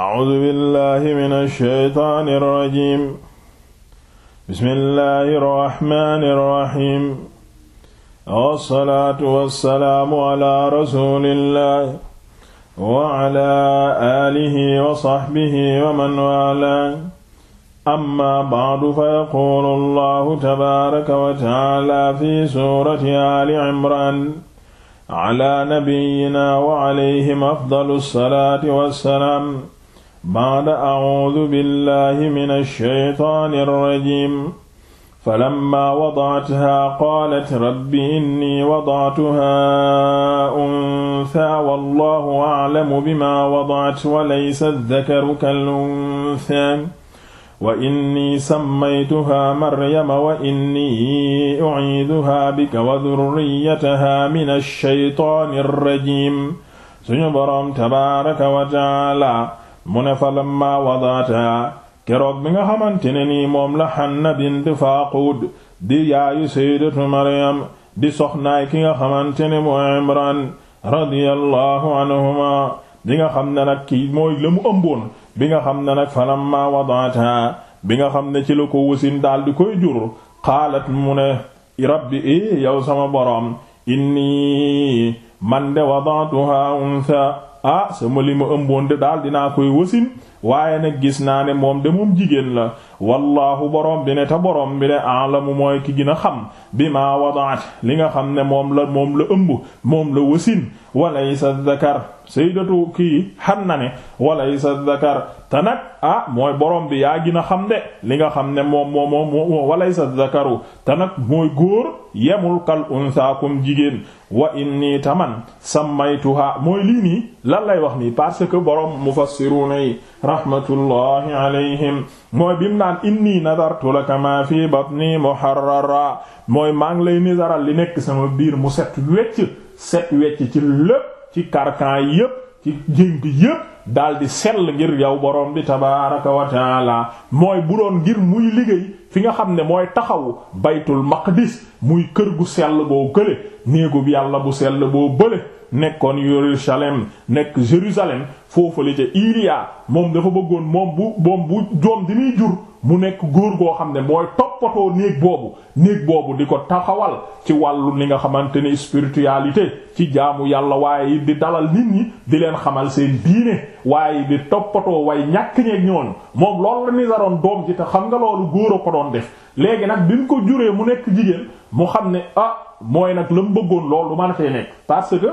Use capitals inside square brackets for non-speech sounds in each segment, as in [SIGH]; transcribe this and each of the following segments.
A'uuzu billaahi mina shaytaani rajiim. Bismillaahi rahmaani rahiim. Wassalaatu wassalaamu alaa rasuulillaahi wa alaa aalihi wa sahbihi wa man waalaah. Ammaa ba'du fayaquulu Allaahu tabaaraka wa ta'aalaa fi suurati Aali Imraan alaa nabiyyinaa wa alayhim afdalu salaati wassalaam. ba'da a'uudu billahi mina shaytaani rajiim falammaa wada'athaa qaalat rabbi innii wada'tuhaa unthaa wallaahu a'lamu bimaa wada'at wa laysa adh-dhakaru kal-unthaa wa innii sammaytuhaa maryama wa innii u'iiduhaa bika wa dhurriyyatahaa mina shaytaani rajiim suñu boroom tabaaraka wa ta'aala mu ne fa lamma wadaata keroog bi nga xamante ne nii moom la Hanna bint Faaqud di yaayu sayyidatu Maryam di soxnaay ki nga xamante ne mu Imran radiyallahu anhuma bi nga xam ne nag ki mooy la mu ëmboon bi nga xam ne nag fa lamma wadaata bi nga xam ne ci la ko wasin daal di koy jur xaalat mu ne rabbi i eh, yow sama boroom inni man de wadaatuha untha ah sama li ma ëmboon de daal dinaa koy wasin waaye nag gis naa ne moom de moom jigéen la wallaahu borom bi ne te borom bi ne alamu mooy ki gin a xam bi ma wadaat li nga xam ne moom la moom la ëmb moom la wasin walaysa dhakar sayyidatu kii Hanna ne walaysa dhakar te nag ah mooy borom bi yaa gën a xam de li nga xam ne moom moom moom walaysa dhakaru te nag mooy góor yemul kal unsaakum jigéen wa inni taman sammaytuha mooy lii nii lan lay wax nii parce que borom mufassiruna yi rahmatullahi alayhim mooy bim naan inni nadartu laka ma fi batni muharrara mooy maa ngi lay nizaral li nekk sama biir mu set wecc set wecc ci lépp ci carcan yi yépp ci jénk yépp daldi sell ngir yow borom bi tabaaraka wa taala mooy bu doon ngir muy liggéey fi nga xam ne mooy taxawu baytul maqdis muy kër gu sell boo kële néegub yàlla bu sell boo bële nekkoon Yerusalem nekk Jérusalem foofale ca Iriya moom dafa bëggoon moom bu moom bu joom di muy jur mu nekk góor goo xam ne mooy toppatoo néeg boobu néeg boobu di ko taxawal ci wàllu li nga xamante ni spiritualité ci jaamu yàlla waaye di dalal nit ñi di leen xamal seen diine waaye di toppatoo way ñàkk ñeeg ñooñu moom loolu la ni doom ji te xam nga loolu góor a ko doon def léegi mu xam ne ah mooy nag la mu bëggoon loolu du mën a tee nekk parce que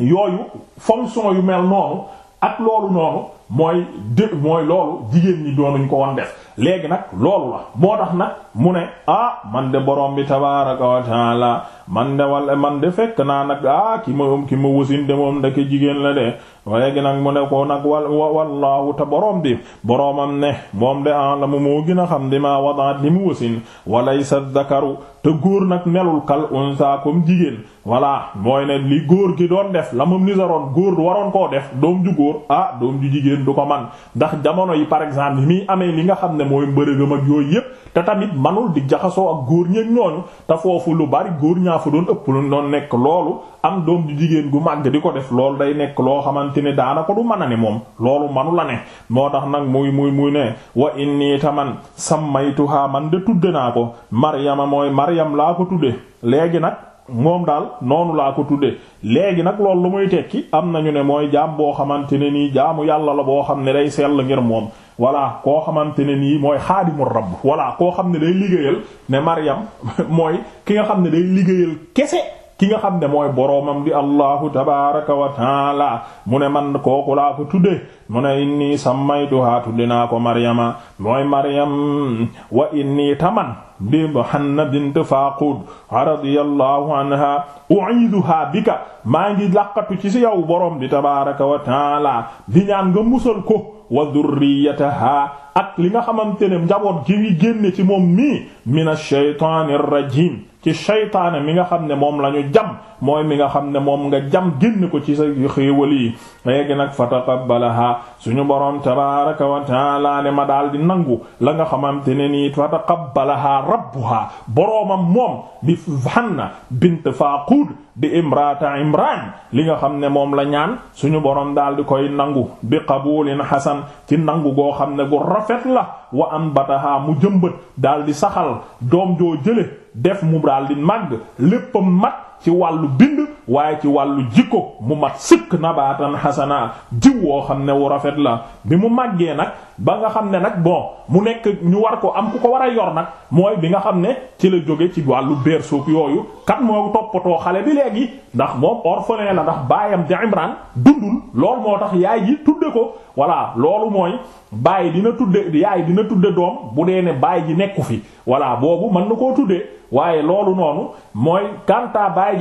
yooyu fonction yu mel noonu ak loolu noonu mooy dé mooy loolu jigéen ñi doonuñ ko woon def léegi nag loolu la moo tax nag mu ne ah man de borom bi tabaaraka wa taala man de wala man de fekk naa nag ah ki ma ki ma wasin de moom ndeke jigéen la de léegi nag mu ne ko nag wal wallaahu te boroom bi boromam ne moom de ah la mu moo gën a xam di maa wadaat li mu wasin walaysa dakaru te góor nag melul kal unsa comme jigéen voilà mooy ne li góor gi doon def la mu nisaroon góor waroon koo def doom ju góor ah, jigéen. mbërin du ko man ndax jamono yi par exemple yi muy amee li nga xam ne mooy mbërëgam ak yooyu yépp te tamit manul di jaxasoo ak góor ñeeg ñooñu te foofu lu bari góor ñaa fa doon ëpp lu doon nekk loolu am doom ju jigéen gu màgg di ko def loolu day nekk loo xamante ne daanaka du man a ne moom loolu manu la ne moo tax nag muy muy muy ne wa inni man sammaytuha man de tudde naa ko maryama mooy maryam laa ko tudde léegi nag moom daal noonu laa ko tuddee léegi nag loolu lu muy tekki am na ñu ne mooy jaam boo xamante ne nii jaamu yàlla la boo xam ne day sell ngir moom voilà koo xamante ne nii mooy xaadimu rabb voilà koo xam ne day liggéeyal ne Maryam [LAUGHS] mooy ki nga xam ne day liggéeyal kese ki nga xam ne mooy boroomam di allahu tabaraka wa taala mu ne man kooku laa ko tudde mu ne inni sammaytuha tudde naa ko maryama mooy maryam wa inni taman di hanna bint faqud radiyallahu anha u'iduha bika maa ngi laqatu ci si yow borom di tabaraka wa taala di ñaan nga musal ko wa dhurriyataha ak li nga xamante ne njaboot ji génne ci moom mi minash shaytanir rajim ci shaytaane mi nga xam ne moom la ñu jam mooy mi nga xam ne moom nga jam génn ko ci sa xéewal yi léegi nag fa taqabbalaha suñu borom tabaraka wa taala ma daal di nangu la nga xamante ne nii fa taqabbalaha rabbuha boroomam moom di Hanna bint Faqud di imrata imran li nga xam ne moom la ñaan suñu borom daal di koy nangu bi qabulin hasan ci nangu goo xam ne gu rafet la wa anbataha mu jëmbët daal di saxal doom joo jële def mu daal di màgg léppam mat ci wàllu bind waaye ci wàllu jikko mu mat sëkk nabaatan xasana jiw woo xam ne wu rafet la bi mu màggee nag ba nga xam ne nag bon mu nekk ñu war ko am ku ko war a yor nag mooy bi nga xam ne ci la jóge ci wàllu berceau yooyu kat moo toppatoo xale bi léegi ndax moom orphelin la ndax baayam di Imran dundul loolu moo tax yaay ji tudde ko voilà loolu mooy baay dina tudde yaay dina tudde doom bu dee ne baay ji nekku fi voilà boobu mën na koo tuddee waaye loolu noonu mooy kanta baay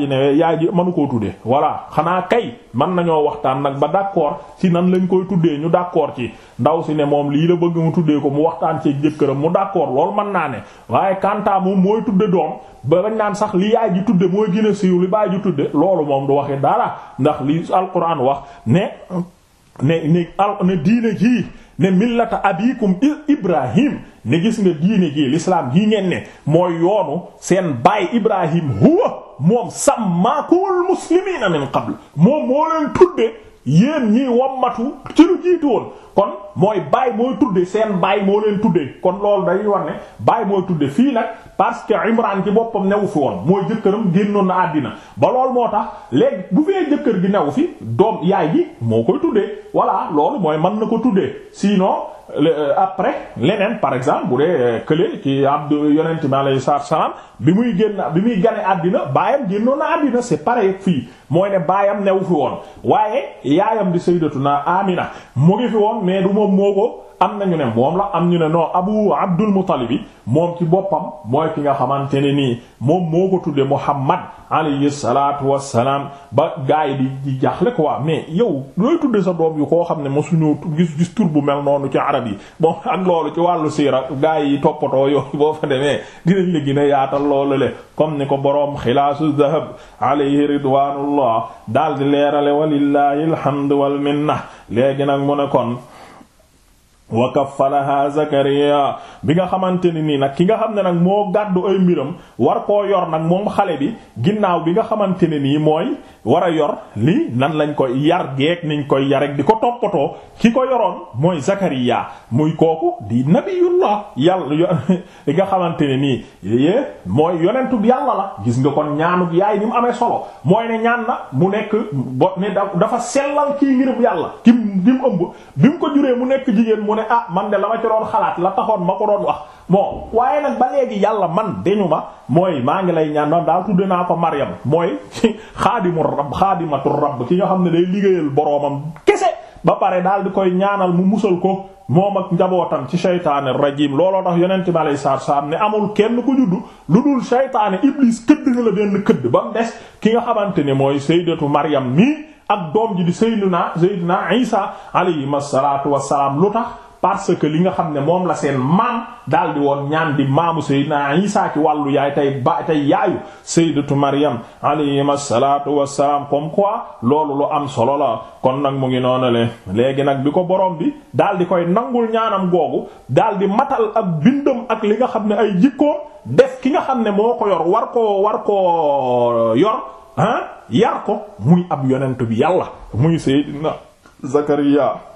ji newee yaay ji mënu koo tuddee voilà xanaa kay mën nañoo waxtaan nag ba d'accord ci nan lañ koy tuddee ñu d'accord ci ndaw si ne moom lii la bëgg mu tuddee ko mu waxtaan ci jëkkëram mu d'accord loolu mën naa ne waaye kanta moom mooy tudde doom ba bañ naan sax li yaay ji tudde mooy gën a siiw li baay ji tudde loolu moom du waxe dara ndax li alquran wax ne ne ne al ne diine jii ne millata abikum ibrahim ne gis nga diine jii lislaam yi ngeen ne mooy yoonu seen baay ibrahim huwa moom sàmmaakumul muslimiina min qabl moom moo leen tudde yéen ñii wommatu ci lu jiitu woon kon mooy baay mooy tudde seen baay moo leen tudde kon loolu day war ne baay mooy tudde fii nag parce que Imran ci boppam newu fi woon moo jëkkëram génnoon na àddina ba lool moo tax léegi bu fee jëkkër gi newu fi doom yaay ji moo koy tuddee voilà loolu mooy man na ko tuddee sinon euh, après leneen par exemple bu dee euh, kële ci Abdou yonent bi alayhi salaam bi muy génn bi muy gane àddina baayam génnoon na àddina c'est pareil fii mooy ne baayam new fi woon waaye yaayam di sayyidatuna Amina mu ngi fi woon mais du moom moo ko am nañu ne moom la am ñu ne non abu abdul muttalib moom ci boppam mooy ki nga xamante ne nii moom moo ko tudde muhammad alayhi salaatu wassalaam ba gaay di di jaaxle waa mais yow looy tudde sa doom yu koo xam ne mosuñu gis gis tur bu mel noonu ci arab yi bon [LAUGHS] ak loolu ci wàllu siira gaay yi toppatoo yooyu boo fa demee dinañ la gën a yaatal loolu le comme ni ko boroom xilaasu zahab alayhi ridwaanullah daal di leerale walillahi alhamdu wal minna léegi nag mu kon wa kaffalaha Zakariya bi nga xamante ne nii nag ki nga xam ne nag moo gàddu ay mbiram war koo yor nag moom xale bi ginnaaw bi nga xamante ne nii mooy war a yor lii nan lañ koy yar geek koy yarek di ko toppatoo ki ko yoroon mooy Zakariya muy kooku di nabiyullah yàlla yo li [LAUGHS] nga xamante ne nii yee mooy yonentub yàlla la gis nga kon ñaanub yaay ni mu amee solo mooy ne ñaan na mu nekk bo ne dafa sellal kii ngirub yàlla ki mu ëmb bi mu ko juree mu nekk jigéen ne ah, man de la ma ci xalaat la taxoon ma ko doon wax bon waaye nag man dañu ma mooy maa ngi lay ñaan man naa ko Maryam mooy [LAUGHS] xaadimu rabb xaadimatu rabb ki nga xam ne day liggéeyal boroomam kese ba pare daal di koy ñaanal mu musal ko moom ak njabootam ci shaytaani rajim looloo tax yonente bi alayhi salaatu salaam ni amul kenn ku juddu lu dul shaytaani iblis këdd na la benn këdd ba mu des ki nga xamante ne mooy sayyidatu Maryam nii ak doom ji di sayyidina sayyidina Isa alayhi salaatu wassalaam lu tax parce que li nga xam ne moom la seen maam daal di woon ñaan di maamu Seydina Isa ci wàllu yaay tey ba tey yaayu Sayyidatu Maryam alayhi salaatu wassalaam comme quoi loolu lu am solo la kon nag mu ngi noonu léegi nag bi ko boroom bi daal di koy nangul ñaanam googu daal di matal ab bindam ak li nga xam ne ay jikkoom def ki nga xam ne moo ko yor war koo war koo yor ah yar ko muy ab yonent bi yàlla muy Seydina Zakariya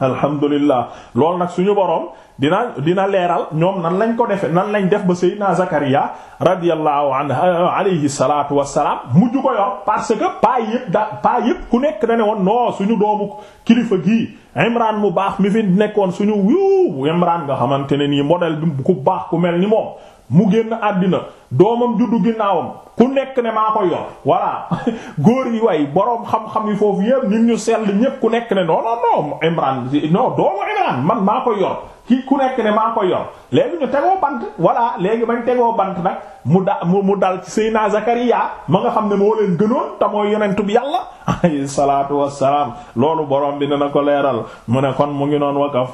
alhamdulillah loolu nag suñu boroom dina dina leeral ñoom nan lañ ko defe nan lañ def ba Seydina Zakaria radiyallahu anhu euh, alayhi salaatu wassalaam mujj ko yor parce que paa yëpp da paa yëpp ku nekk da ne woon non suñu doomu kilifa gii Imran mu baax mi fi nekkoon suñu wu Imran nga xamante ne nii modèle bi ku baax ku mel ni moom mu génn àddina doomam juddu ginnaawam ku nekk ne maa ko yor voilà [LAUGHS] góor yi way boroom xam-xam yi foofu yépp ñun ñu sell ñépp ku nekk ne non non non Imran non man maa ko yor ki ku nekk ne maa koy yor léegi ñu tegoo bant voilà léegi bañ tegoo bant nag mu da mu dal ci Seyna Zakariya ma nga xam ne moo leen gënoon te mooy yonentu bi yàlla [LAUGHS] alayhi salaatu wassalaam loolu borom bi dina ko leeral mu ne mu ngi noon wa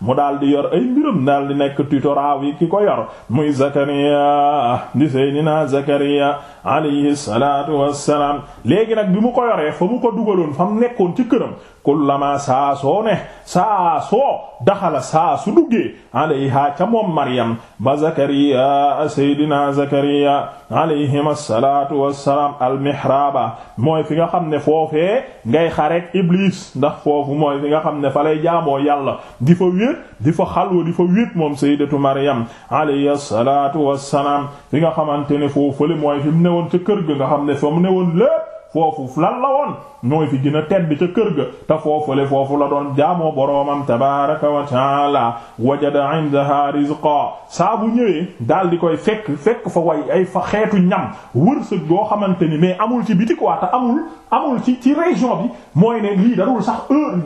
mu daal di yor ay mbiram di nekk tutoraaw yi ki ko yor muy Zakariya di Seydina Zakariya alayhi salaatu wassalaam léegi nag bi mu ko yoree fa mu ko dugaloon fa mu nekkoon ci këram kullama saa soo ne saa soo daxala saa su duggee alayha ca moom Maryam ba Zakariya Seydina Zakariya alayhim asalaatu wassalaam almihraba mooy fi nga xam ne foofee ngay xareek Iblis ndax foofu mooy fi nga xam ne fa lay jaamoo yàlla di fa wéet di fa xalwa di fa wéet moom Sayyidatu Maryam alayhi asalaatu wassalaam fi nga xamante ne foofu le mooy fi mu newoon ca kër ga nga xam ne fa mu newoon lépp foofu lan la woon mooy fi gën a tedd ca kër ga te foofule foofu la doon jaamoo boroomam tabaraka wa taala wajada indaha rizqa saa daal di koy fekk fekk fa way ay fa xeetu ñam wërsëg goo xamante ni mais amul ci biti quoi te amul amul ci ci région bi mooy ne lii darul sax heure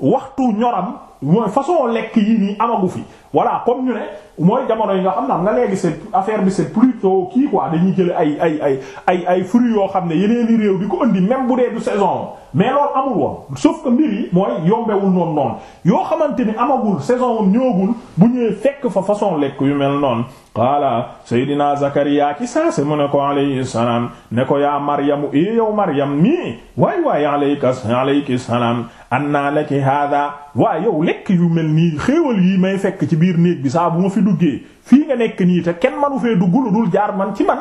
waxtu ñoram mooy façon lekk yi nii amagu fi voilà comme ñu ne mooy jamono yi nga xam na nga léegi c'est affaire bi c'est plutôt kii quoi dañuy jële ay ay ay ay ay fruits yoo xam ne yeneen i réew di ko indi même bu dee du saison mais loolu amul woon sauf que mbir yi mooy yombewul noonu yoo xamante ni amagul saison woon ñëwagul bu ñëwee fekk fa façon lekk yu mel noonu qaala Seydina Zakariya ci saase mu ne ko alayhi salaam ne ko yaa Maryamu i yow Maryam mii waay waay alayka alayki salaam annaa laki haadaa waaye yow lekk yu mel nii xéewal yi may fekk ci biir néeg bi saa bu ma fi duggee fii nga nekk nii te kenn manu fee dugg dul jaar man ci man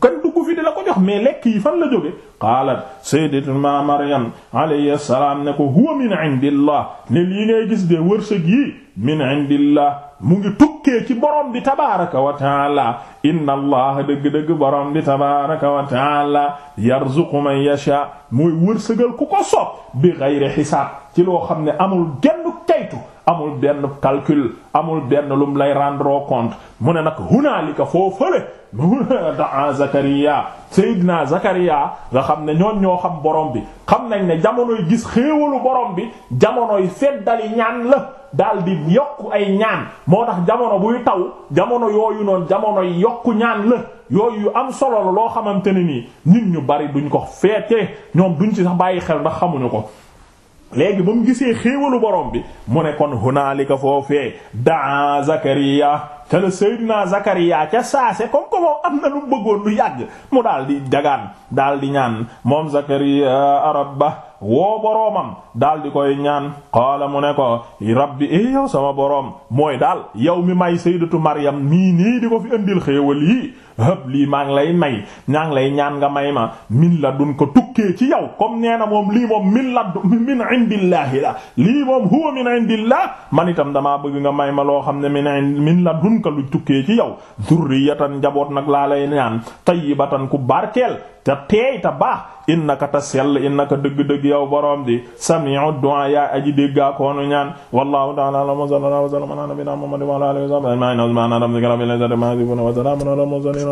kenn dugg fi di la ko jox mais lekk yi fan la jóge qaalat sayyidatuna maryam alayhi salaam ne ko huwa min indillah ne lii ngay gis de wërsëg yi min indillah mu ngi tukkee ci borom bi tabaaraka wa taala inna allah dëgg-dëgg borom bi tabaaraka wa taala yarzuqu man yasha mooy wërsëgal ku ko soob bi ghayri xisaab ci loo xam ne amul genn kaytu amul benn calcul amul benn lum lay rendro compte mu ne nag hunaalika foo fële daa Zakariya Seydina Zakariya nga xam ne ñoon ñoo xam borom bi xam nañ ne jamonoy gis xéewalu borom bi jamonoy feddali ñaan la daal di yokku ay ñaan moo tax jamono buy taw jamono yooyu noonu jamonoy yokku ñaan la yooyu am solo loo xamante ne nii nit ñu bari duñ ko feete ñoom duñ ci sax bàyyi xel ndax xamuñu ko léegi ba mu gisee xéewalu boroom bi mu ne kon hunaalika foofee daa Zakariya ca la Seydina Zakariya ca saase comme que moom am na lu bëggoon lu yàgg mu daal di dagaan daal di ñaan moom Zakariya rabba woo boroomam daal di koy ñaan qaala mu ne ko rabbi eh, yow sama boroom mooy daal yow mi may sayyidatu Maryam nii nii di ko fi indil xéewal yi hëb lii maa ngi lay may ñaa ngi lay ñaan nga may ma min la dun ko tukkee ci yow comme nee na moom lii moom min la dun min indillaahi la lii moom huwa min indillah man itam damaa bëgg nga may ma loo xam ne min min la dun ka lu tukkee ci yow zurriyatan njaboot nag laa lay ñaan tayyibatan ku barkeel te teey te baax innaka te sell innaka dëgg-dëgg yow borom di sami'u du'a yaa aji déggaa koonu ñaan wallahu ta'ala a'lam wa sallallahu wa sallama ala nabina muhammadin wa ala alihi wa sahbihi ajma'in